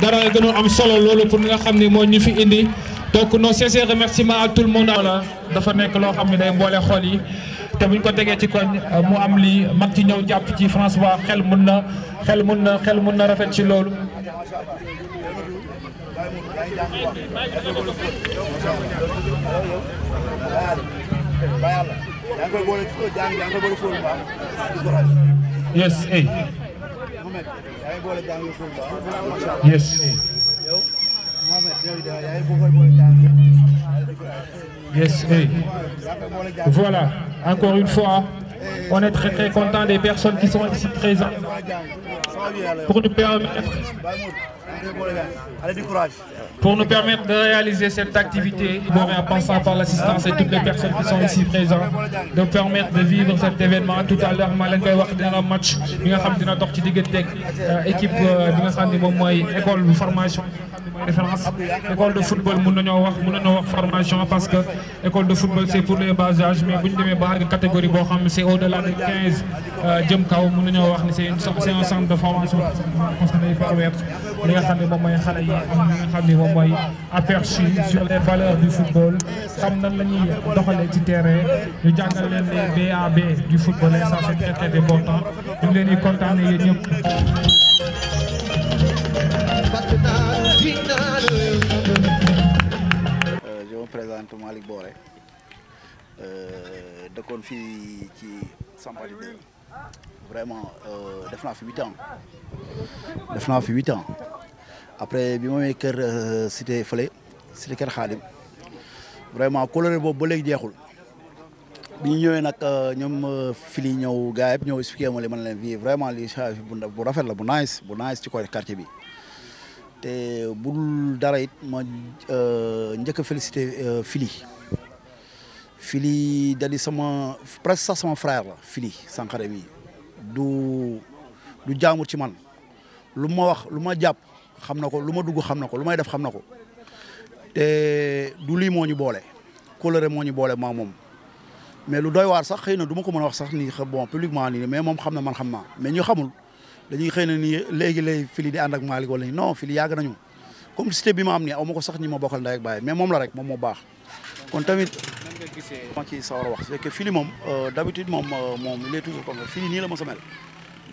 dara gënoon am solo loolu pour nga xam ne moo ñu fi indi donc nos sincères remerciements à tout le monde. voilà dafa nekk loo xam ne day boole xol yi te buñ ko tegee ci koñ mu am lii mag ci ñëw jàpp ci François xel mun na xel mun na xel mun na rafet ci loolu. yes. Yes. Yes, hey. Voilà, encore une fois, on est très très content des personnes qui sont ici présentes pour nous permettre Pour nous permettre de réaliser cette activité, en passant par l'assistance et toutes les personnes qui sont ici présentes, de permettre de vivre cet événement tout à l'heure ma leen koy wax dina match bi nga xam dina dox ci digganteeg euh, équipe euh, bi xam ne moom mooy école bu formation référence école de football mën nañoo wax mën nañoo wax formation parce que école de football c'est pour les bas âges mais bu ñu demee ba àgg catégorie boo xam c'est au-delà de 15 euh, jëm kaw mën nañoo wax ni c'est li nga xam ne moom mooy xale yi am li nga xam sur les valeurs du football xam nan la ñuy doxalee ci terrain ñu jàngal leen les BAB du football et ça c'est très très important ñu leen di kontaane yéen ñëpp. Euh, je me présente Malick euh, fii ci vraiment euh, def naa fi huit ans def naa fi huit ans après bi ma may kër euh, cité fële cité kër xaadim vraiment coloré boobu ba léegi jeexul bi ñu ñëwee nag euh, ñoom fili ñëw gars yëpp ñëw expliqué ma li man leen vie vraiment li bu rafet la bu nice bu nice ci koy quartier bi te bul dara it ma njëkk a félicité fili Fili dali sama presque sax sama frère la Fili Sankharé mi du du jaamur ci man lu ma wax lu ma jàpp xam na ko lu ma dugg xam na ko lu may def xam na ko te du lii moo ñu boole coloré moo ñu boole maa moom mais lu doy waar sax xëy na du ma ko mën wax sax ni bon publiquement nii mais moom xam na man xam naa mais ñu xamul dañuy xëy na ni léegi lay Fili di ànd ak Malick wala non Fili yàgg nañu comme complicité bi ma am nii aw ma ko sax ñi ma bokal ndey ak baay mais moom la rek moom moo baax nga gisee. ma ci sawar a wax c'est que fili moom euh, d'habitude moom euh, moom il toujours comme fili nii la mos mel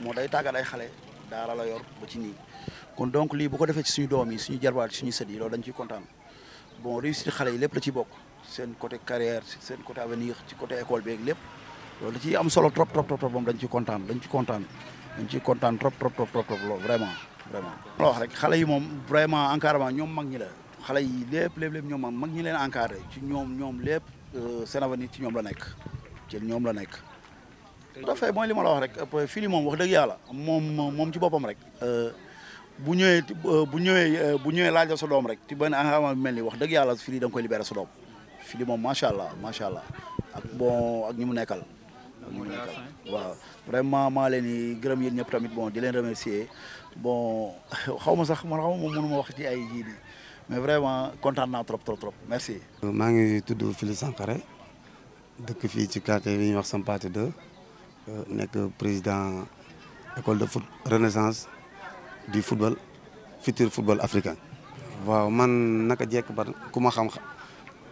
moo day tàggat ay xale a la yor ba ci nii kon donc lii bu ko defee ci suñu doom yi suñu jarbaat suñu sët yi dañ ciy kontaan bon réussite xale yi lépp ci bokk seen côté carrière seen côté avenir ci côté école beeg lépp loolu da am solo trop trop trop dañ ciy kontaan dañ ci kontaan dañ ciy kontaan trop trop trop trop loolu vraiment vraiment. xale yi moom vraiment encadrement ñoom mag ñi la xale yi lépp lépp lépp ñoom mag ñi leen encadré ci ñoom ñoom lépp. Euh, seen avenir ci ñoom la nekk ci ñoom la nekk. tout à fait mooy li ma la wax rek fii moom wax dëgg yàlla moom moom ci boppam rek. Euh, bu ñëwee euh, bu ñëwee bu ñëwee laaj la sa doom rek ci benn engagement bi mel ni wax dëgg yàlla fii da nga koy libéré sa doom fii moom macha allah macha allah ak bon ak ñi mu nekkal. ak ñi mu waaw vraiment maa leen di gërëm yéen ñëpp tamit bon di leen remercier bon xaw ma sax man xaw ma ma wax ci ay ji bi mais vraiment kontaan naa trop trop trop merci. maa ngi tudd Fili Sankare dëkk fii ci quartier bi ñuy wax Sampathé 2 euh, nekk président école de foot renaissance du football futur football africain. waaw man naka jekk ba ku ma xam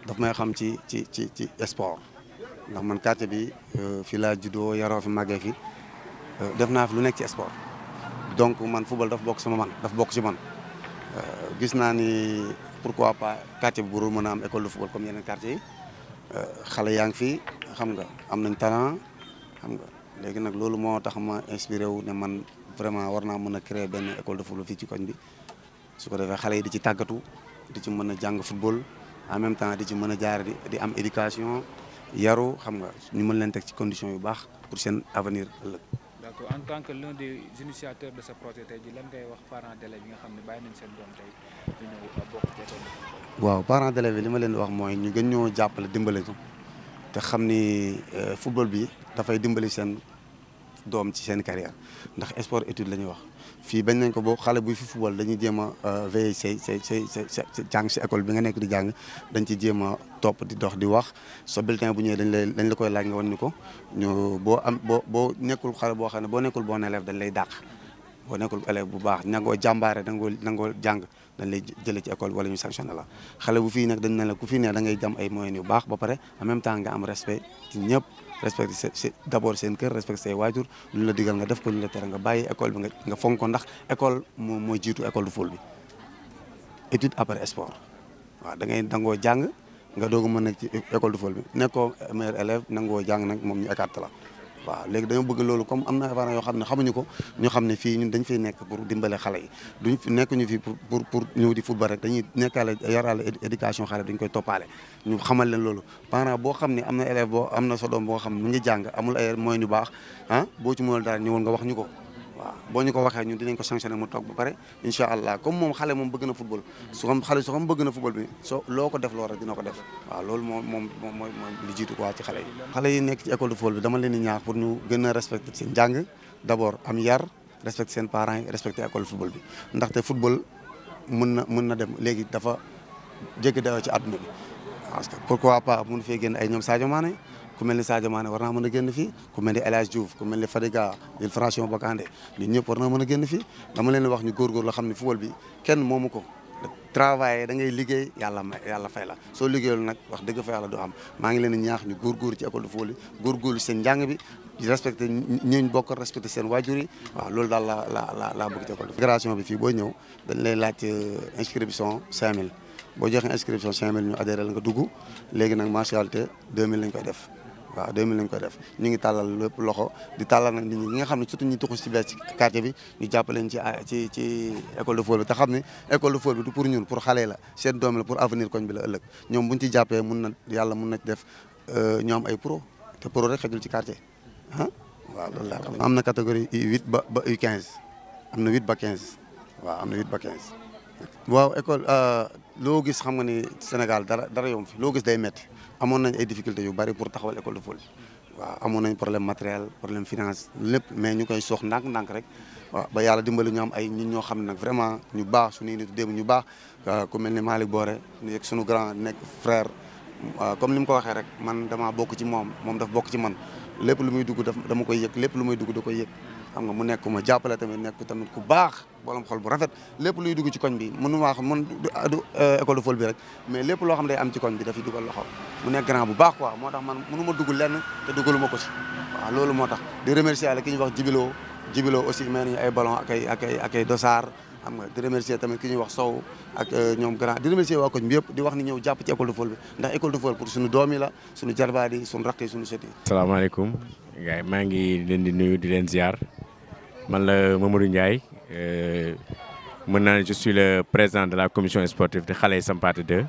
daf may xam ci ci ci ci sport ndax man quartier bi euh, fii laa juddoo yaroo fi màggee fi euh, def naa fi lu nekk ci sport donc man football daf bokk sama man daf bokk ci man. Euh, gis naa ni pourquoi pas quartier bu Buur mën a am école de football comme yeneen quartier yi euh, xale yaa ngi fi xam nga am nañ talent xam nga léegi nag loolu moo tax ma inspiré wu ne man vraiment war naa mën a créer benn école de football fii ci koñ bi su ko defee xale yi di ci tàggatu di ci mën a jàng football en même temps di ci mën a jaar di am éducation yaru xam nga ñu mën leen teg ci condition yu baax pour seen avenir ëllëg. ko en tant que l'un des initiateurs de ce projet tey jii lan ngay wax parents d'élèves yi nga xam ne bàyyi nañ seen doom tey ñu ñëw bokk ci waaw parents d'élèves yi li ma leen wax mooy ñu gën ñoo jàppale dimbale ñu te xam ni euh, football bi dafay dimbali seen doom ci seen carrière ndax sport étude la ñuy wax fii bañ nañ ko boo xale buy fi football dañuy jéem a euh, veiller say say say sa jàng si école bi nga nekk di jàng dañ ci jéem a topp di dox di wax sa bulletin bu ñëwee dañ lay dañ la koy laaj nga wan ni ko ñu boo am boo boo nekkul xale boo xam ne boo nekkul bon élève dañ lay dàq boo nekkul élève bu baax ñangoo jàmbaare nangoo nangoo jàng dañ lay jëlee ci école wala ñu sanctionné la xale bu fii nag dañ ne la ku fi ne dangay ngay jam ay moyens yu baax ba pare en même temps nga am respect ci ñëpp respecté seen kër respecté say waajur lu la digal nga def ko lu la tere nga bàyyi école bi nga nga fonk ko ndax école moo mooy jiitu école de foot bi étude après sport waaw da ngay dangoo jàng nga doog mën nekk ci école de foot bi nekkoo meilleur élève nangoo jàng nag moom ñu écarté la waaw léegi dañoo bëgg loolu comme am na parents yoo xam ne xamuñu ko ñu xam ne fii ñun dañ fiy nekk pour dimbale xale yi duñ fi nekk ñu fi pour pour pour ñëw di football rek dañuy nekkaale yaraale éducation xale dañ koy toppaale ñu xamal leen loolu parent boo xam ne am na élève boo am na sa boo xam ne mu ngi jàng amul ay moyen yu baax ah boo ci mënul dara ñëwal nga wax ñu ko waaw boo ñu ko waxee ñun dinañ ko sanctionné mu toog ba pare incha allah comme moom xale moom bëgg na football su xam xale su xam bëgg na football bi soo loo ko def loo rek dina ko def waaw loolu moom moom moom mooy li jiitu quoi ci xale yi xale yi nekk ci école de football bi dama leen di ñaax pour ñu gën a respecté seen njàng am yar respecté seen parents yi respecté école football bi ndaxte football mën na mën na dem léegi dafa jéggi dayoo ci àdduna bi parce que pourquoi pas mun fee génn ay ñoom Sadio Mané ku mel ni Sadio Mané war naa mën a génn fii ku mel ni El Hadj ku mel ni Fadiga Villefranche Bocandé ñun ñëpp war naa mën a génn fii dama leen wax ñu góorgóorlu xam ne football bi kenn moom ko travailler da ngay liggéey yàlla may yàlla fay la soo liggéey liggéeyul nag wax dëgg fa yàlla doo am maa ngi leen di ñaax ñu góorgóorlu ci école de football yi góorgóorlu seen njàng bi respecté ñuñ seen waajur yi waaw loolu daal la la la laa bëgg ci bi fii booy ñëw dañ lay laaj euh, inscription 5000 boo joxe inscription 5000 ñu adhéré la nga dugg léegi nag mensualité 2000 lañ koy def waaw 2000 lañ koy def ñu ngi tàllal lépp loxo di tàllal nag nit ñi nga xam ne surtout ñi tuxu si bees ci quartier bi ñu jàppaleen ci ci ci école de foot bi te xam ne école de foot bi pour ñun pour xale la seen doom pour avenir koñ bi la ëllëg ñoom buñ ci jàppee mun na yàlla mun na def euh, ñoo am ay te pro rek ci quartier waaw loolu laa xam am na catégorie u ba ba U15 am na 8 ba 15 waaw am na 8 waaw école euh, loo gis xam nga ni Sénégal dara dara yomb fi loo gis day métti amoon nañ ay difficultés yu bari pour taxawal école de foot waaw amoon nañ problème matériel problème finance lépp mais ñu koy soox ndànk-ndànk rek waaw ba yàlla dimbali ñu am ay ñun ñoo xam ne nag vraiment ñu baax suñuy nit démb ñu baax ku mel ni Malick Boré ñu suñu grand nekk frère comme ni mu ko waxee rek man dama bokk ci moom moom daf bokk ci man lépp lu muy dugg dama koy yëg lépp lu muy dugg da ko yëg xam nga mu nekk ma jàppale tamit nekk tamit ku baax boolem xol bu rafet lépp luy dugg ci koñ bi mënu maa xam mën du ah, euh, école de foot bi rek mais lépp loo xam day am ci koñ bi dafiy dugal loxo mu nekk grand bu baax quoi moo tax man mënu ma dugg lenn te dugaluma ko ci loolu moo tax di remercier yàlla ki ñu wax jibiloo jibiloo aussi may nañu ay ballon ak ay ak ak ay dossard xam nga di remercier tamit ki ñuy wax Sow ak euh, ñoom grand di remercier waa koñ bi yëpp di wax ni ñëw jàpp ci école de foot bi ndax école de foot la suñu jarbaat yi suñu rakk yi suñu sët yi. salaamaaleykum gars maa ngi leen di nuyu di leen ziar man la Mamadou Ndiaye euh, mën naa ne je le président la commission sportive de Xale yi Sampaate 2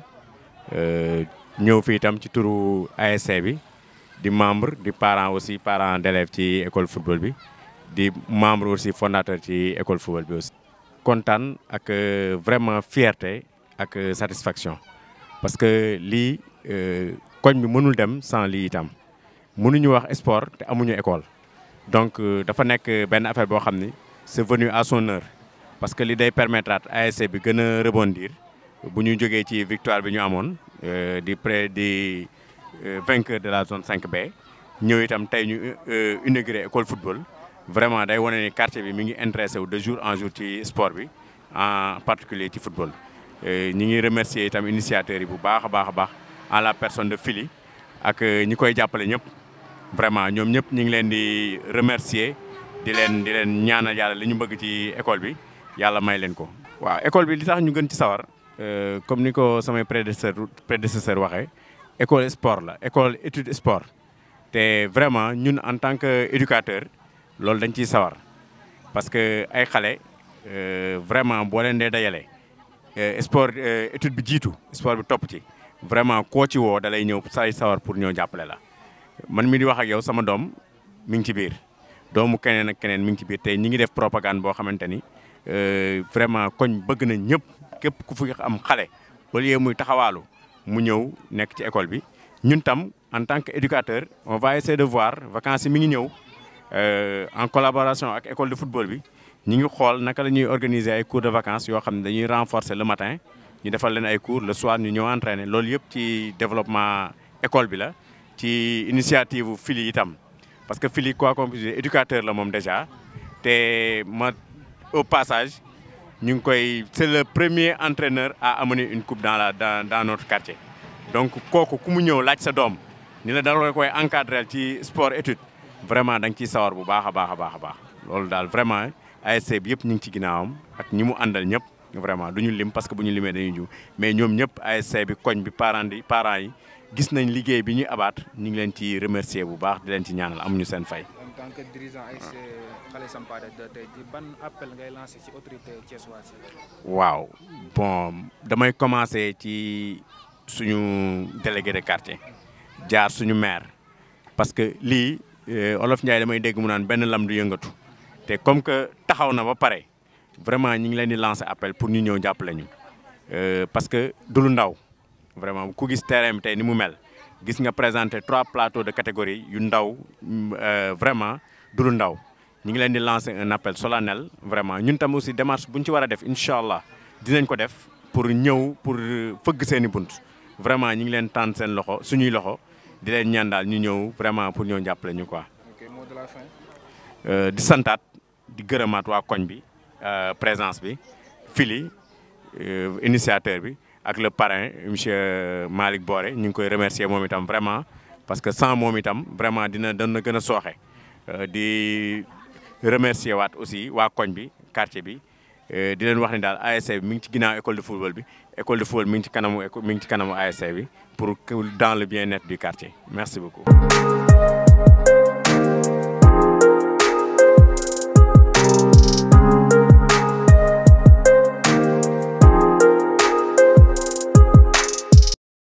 euh, ñëw fii itam ci turu ASC di membre di parent aussi parent d'élève ci école football bi di membre aussi fondateur ci école football bi aussi. kontaan ak euh, vraiment fierte ak euh, satisfaction parce que lii euh, koñ bi mënul dem sans lii itam mënuñu wax sport te amuñu école donc dafa nekk benn affaire boo xam ni c'est venu à son heure parce que lii day permettre at ASC bi gën a rebondir bu ñu jógee ci victoire bi ñu amoon di près di vainqueur de la zone cinq b ñëw itam tey ñu inauguré école football vraiment day wane ni quartier bi mi ngi intéressé wu de jour en jour ci sport bi en particulier ci football. ñi ngi remercier itam initiateurs yi bu baax a baax a baax en la personne de Fili ak euh, ñi koy jàppale ñëpp vraiment ñoom ñëpp ñu ngi leen di remercier di leen di leen ñaanal yàlla li ñu bëgg ci école bi yàlla may leen ko. waaw école bi li tax ñu gën ci sawar euh, comme ni ko samay prédécesseur prédécesseur waxee école sport la école étude sport te vraiment ñun en tant que éducateur. loolu dañ ciy sawar parce que ay xale euh, vraiment boo leen dee dajale euh, sport euh, étude bi jiitu sport bi topp ci vraiment koo ci woo dalay ñëw say sawar pour ñëw jàppale la man mi di wax ak yow sama doom mi ngi ci biir doomu keneen keneen mi ngi ci biir tey ñi ngi def propagande boo xamante ni vraiment koñ bëgg na ñëpp képp ku fi am xale au lieu muy taxawaalu mu ñëw nekk ci école bi ñun tam en tant que éducateur on va essayer de voir vacances yi mi ngi ñëw Euh, en collaboration ak école de football bi ñu ngi xool naka la ñuy organiser ay cours de vacances yoo xam ne dañuy renforcer le matin ñu defal leen ay cours le soir ñu ñëw entraîner loolu yëpp ci développement école bi la ci initiative fili itam parce que fili quoi qu'on puisse éducateur la moom déjà te ma au passage ñu ngi koy c'est le premier entraîneur à amener une coupe dans la dans dans notre quartier donc kooku ku mu ñëw laaj sa doom ni la dara koy encadrer vraiment da nga ciy sawar bu baax a baax a baax a loolu daal vraiment ASC bi yëpp ñu ngi ci ginnaawam ak ñi mu àndal ñëpp vraiment du ñu lim parce que bu ñu limee dañuy ju mais ñoom ñëpp ASC bi koñ bi parents di parant yi gis nañ liggéey bi ñu abaat ñu ngi leen ci remercier bu baax di leen ci ñaanal amuñu seen fay. en tant que dirigeant ASC Xalé Sampathé tey jii ban appel ngay lancer ci autorité thiessoise waaw bon damay commencer ci suñu délégué de quartier jaar suñu maire parce que lii. Eh, olof Ndiaye damay dégg mu naan benn lam du yëngatu te comme que taxaw na ba pare vraiment ñu ngi leen di lancer appel pour ñu ñëw jàppale ñu eh, parce que du lu ndaw vraiment ku gis terrain bi tey ni mu mel gis nga présenter trois plateaux de catégorie yu ndaw mm, eh, vraiment du lu ndaw ñu ngi leen di lancer un appel solennel vraiment ñun tam aussi démarche bu ñu ci war a def incha allah dinañ ko def pour ñëw pour fëgg seeni bunt vraiment ñu ngi leen tànn seen loxo suñuy loxo. di leen ñaan daal ñu ñëw vraiment pour ñëw jàppale ñu quoi. ok euh, di santaat di gërëmaat waa koñ bi euh, présence bi fili euh, initiateur bi ak le parrain monsieur Malick Boré ñu ngi koy remercier moom itam vraiment parce que sans moom itam vraiment dina dana gën a sooxe di remercier waat aussi waa koñ bi quartier bi. Eh, di leen wax ne daal ASC bi mi ngi ci ginnaaw école de football bi école de football mi ngi ci kanamu mi ngi ci kanamu ASC bi pour dans le bien-être du quartier merci beaucoup